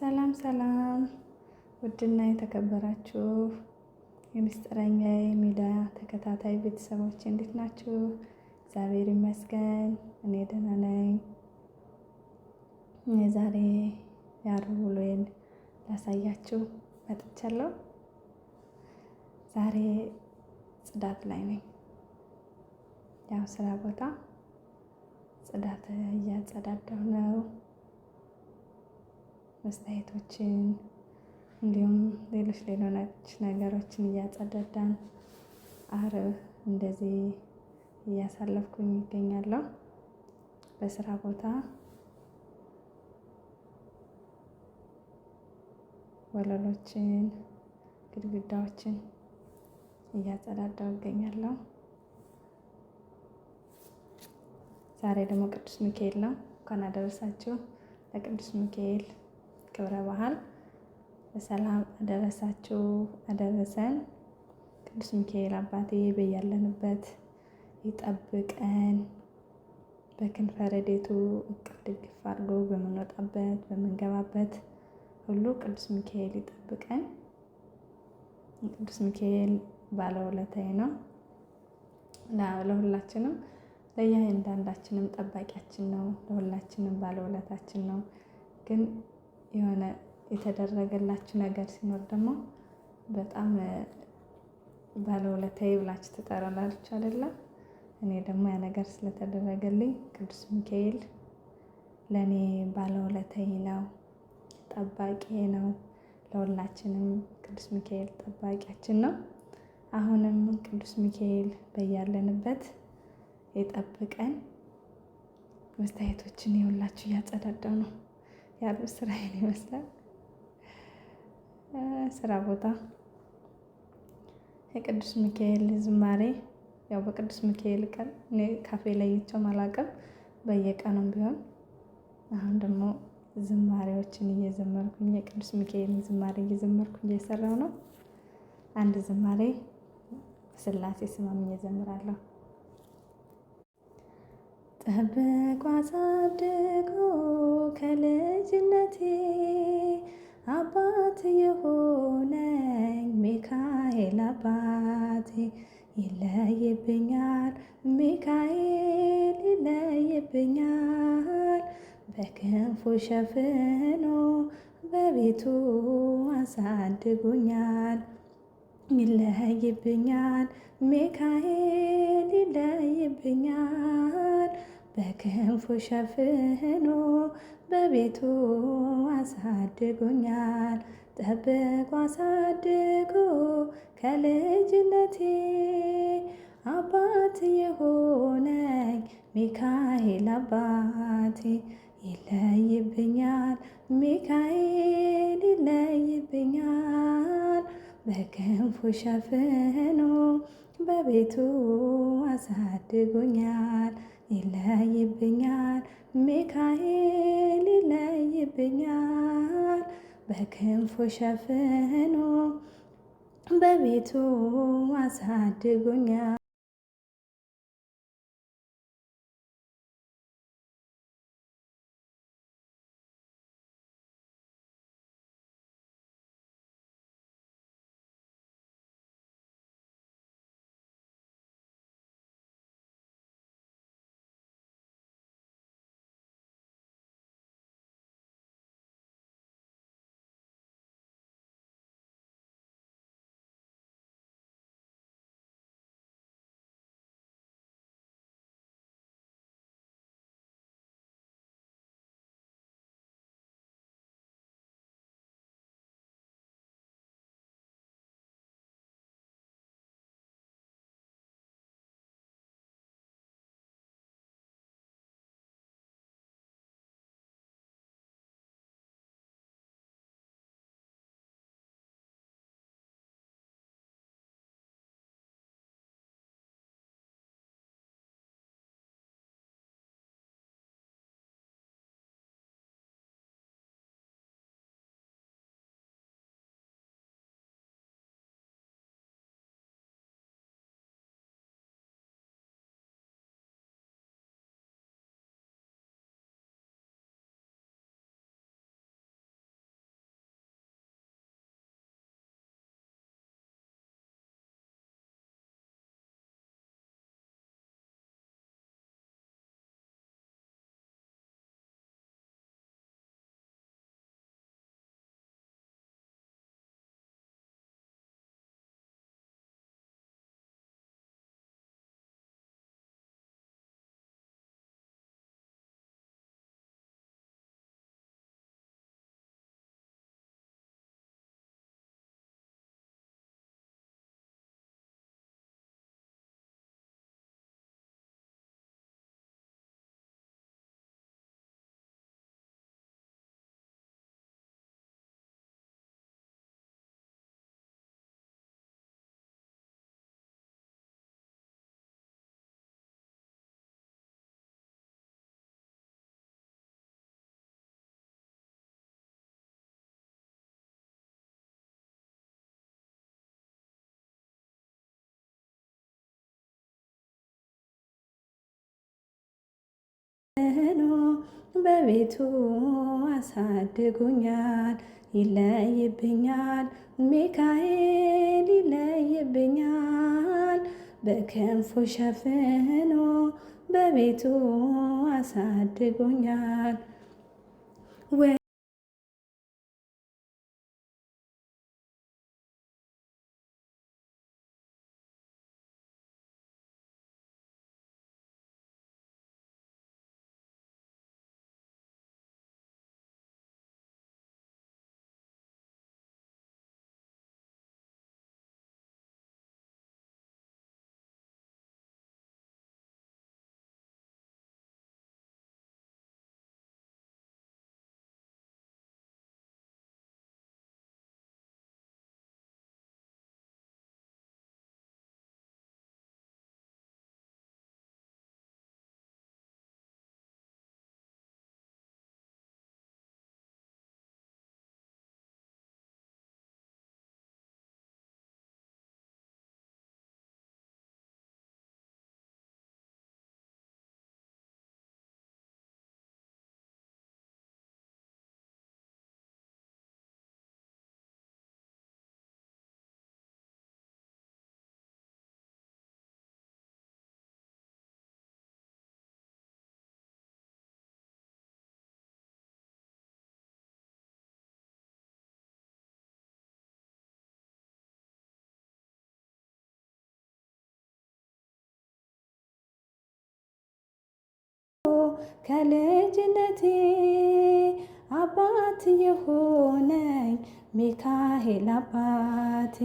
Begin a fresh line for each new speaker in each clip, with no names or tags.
ሰላም ሰላም፣ ውድና የተከበራችሁ የምስጢረኛ ሚዲያ ተከታታይ ቤተሰቦች እንዴት ናችሁ? እግዚአብሔር ይመስገን እኔ ደህና ነኝ። እኔ ዛሬ የአርብ ውሎዬን ላሳያችሁ መጥቻለሁ። ዛሬ ጽዳት ላይ ነኝ። ያው ስራ ቦታ ጽዳት እያጸዳደሁ ነው። አስተያየቶችን እንዲሁም ሌሎች ሌሎች ነገሮችን እያጸዳዳን አርብ እንደዚህ እያሳለፍኩኝ ይገኛለሁ። በስራ ቦታ ወለሎችን፣ ግድግዳዎችን እያጸዳዳው ይገኛለሁ። ዛሬ ደግሞ ቅዱስ ሚካኤል ነው። እንኳን አደረሳችሁ ለቅዱስ ሚካኤል ክብረ በዓል በሰላም አደረሳችሁ አደረሰን። ቅዱስ ሚካኤል አባቴ በያለንበት ይጠብቀን። በክንፈ ረድኤቱ እቅፍ ድግፍ አድርጎ በምንወጣበት በምንገባበት ሁሉ ቅዱስ ሚካኤል ይጠብቀን። ቅዱስ ሚካኤል ባለውለታዬ ነው። ለሁላችንም ለእያንዳንዳችንም ጠባቂያችን ነው። ለሁላችንም ባለውለታችን ነው ግን የሆነ የተደረገላችሁ ነገር ሲኖር ደግሞ በጣም ባለውለታዬ ብላችሁ ትጠራላችሁ አይደለም። እኔ ደግሞ ያ ነገር ስለተደረገልኝ ቅዱስ ሚካኤል ለእኔ ባለውለታዬ ነው፣ ጠባቂ ነው። ለሁላችንም ቅዱስ ሚካኤል ጠባቂያችን ነው። አሁንም ቅዱስ ሚካኤል በያለንበት የጠብቀን። መስታየቶችን የሁላችሁ እያጸዳዳው ነው። ያሉት ስራዬን ይመስላል። ስራ ቦታ የቅዱስ ሚካኤል ዝማሬ ያው በቅዱስ ሚካኤል ቀን እኔ ካፌ ለይቼው አላውቅም፣ በየቀኑም ቢሆን አሁን ደግሞ ዝማሬዎችን እየዘመርኩኝ የቅዱስ ሚካኤልን ዝማሬ እየዘመርኩኝ እየሰራው ነው። አንድ ዝማሬ ስላሴ ስማም እየዘምራለሁ። ጠበቋ አሳድጎ ከልጅነቴ አባት የሆነኝ ሚካኤል አባቴ ይለይብኛል ሚካኤል ይለይብኛል በክንፉ ሸፍኖ በቤቱ አሳድጎኛል። ይለይብኛል ሚካኤል ይለይብኛል በክንፉ ሸፍኖ በቤቱ አሳድጎኛል። ጠብቆ አሳድጎ ከልጅነቴ አባት የሆነኝ ሚካኤል አባቴ ይለይብኛል፣ ሚካኤል ይለይብኛል በክንፉ ሸፍኖ በቤቱ አሳድጎኛል። ይለይብኛል ሚካኤል ይለይብኛል። በክንፉ ሸፍኖ በቤቱ አሳድጎኛል። ሄሎ በቤቱ አሳድጎኛል። ይለይብኛል ሚካኤል ይለይብኛል። በክንፉ ሸፍኖ በቤቱ አሳድጎኛል። ከልጅነቴ አባት የሆነኝ ሚካኤል አባቴ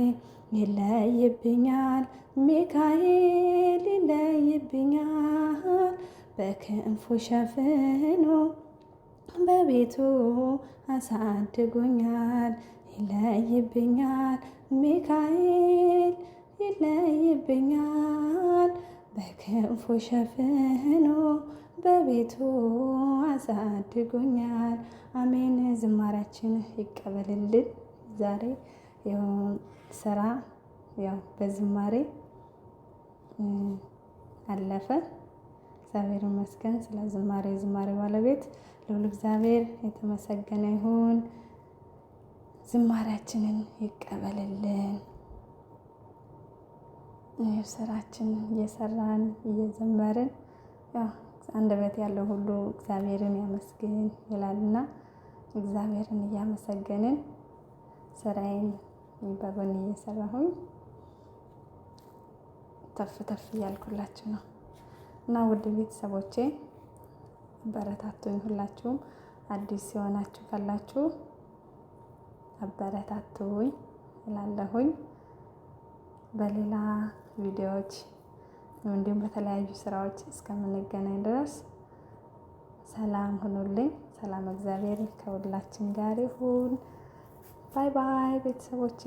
ይለይብኛል ሚካኤል ይለይብኛል በክንፉ ሸፍኖ በቤቱ አሳድጎኛል። ይለይብኛል ሚካኤል ይለይብኛል በክንፉ ሸፍኖ በቤቱ አሳድጎኛል። አሜን። ዝማሪያችን ይቀበልልን። ዛሬ ስራ ያው በዝማሬ አለፈ። እግዚአብሔር ይመስገን ስለ ዝማሬ። ዝማሬ ባለቤት ልዑል እግዚአብሔር የተመሰገነ ይሁን። ዝማሪያችንን ይቀበልልን። ስራችን እየሰራን እየዘመርን በት ያለው ሁሉ እግዚአብሔርን ያመስግን ይላልና እግዚአብሔርን እያመሰገንን ስራዬን በጎን እየሰራሁኝ ተፍ ተፍ እያልኩላችሁ ነው እና ውድ ቤተሰቦቼ አበረታቱኝ። ሁላችሁም አዲስ ሲሆናችሁ ካላችሁ አበረታቱኝ እላለሁኝ በሌላ ቪዲዮዎች እንዲሁም በተለያዩ ስራዎች እስከምንገናኝ ድረስ ሰላም ሁኑልኝ። ሰላም እግዚአብሔር ከሁላችን ጋር ይሁን። ባይ ባይ ቤተሰቦቼ።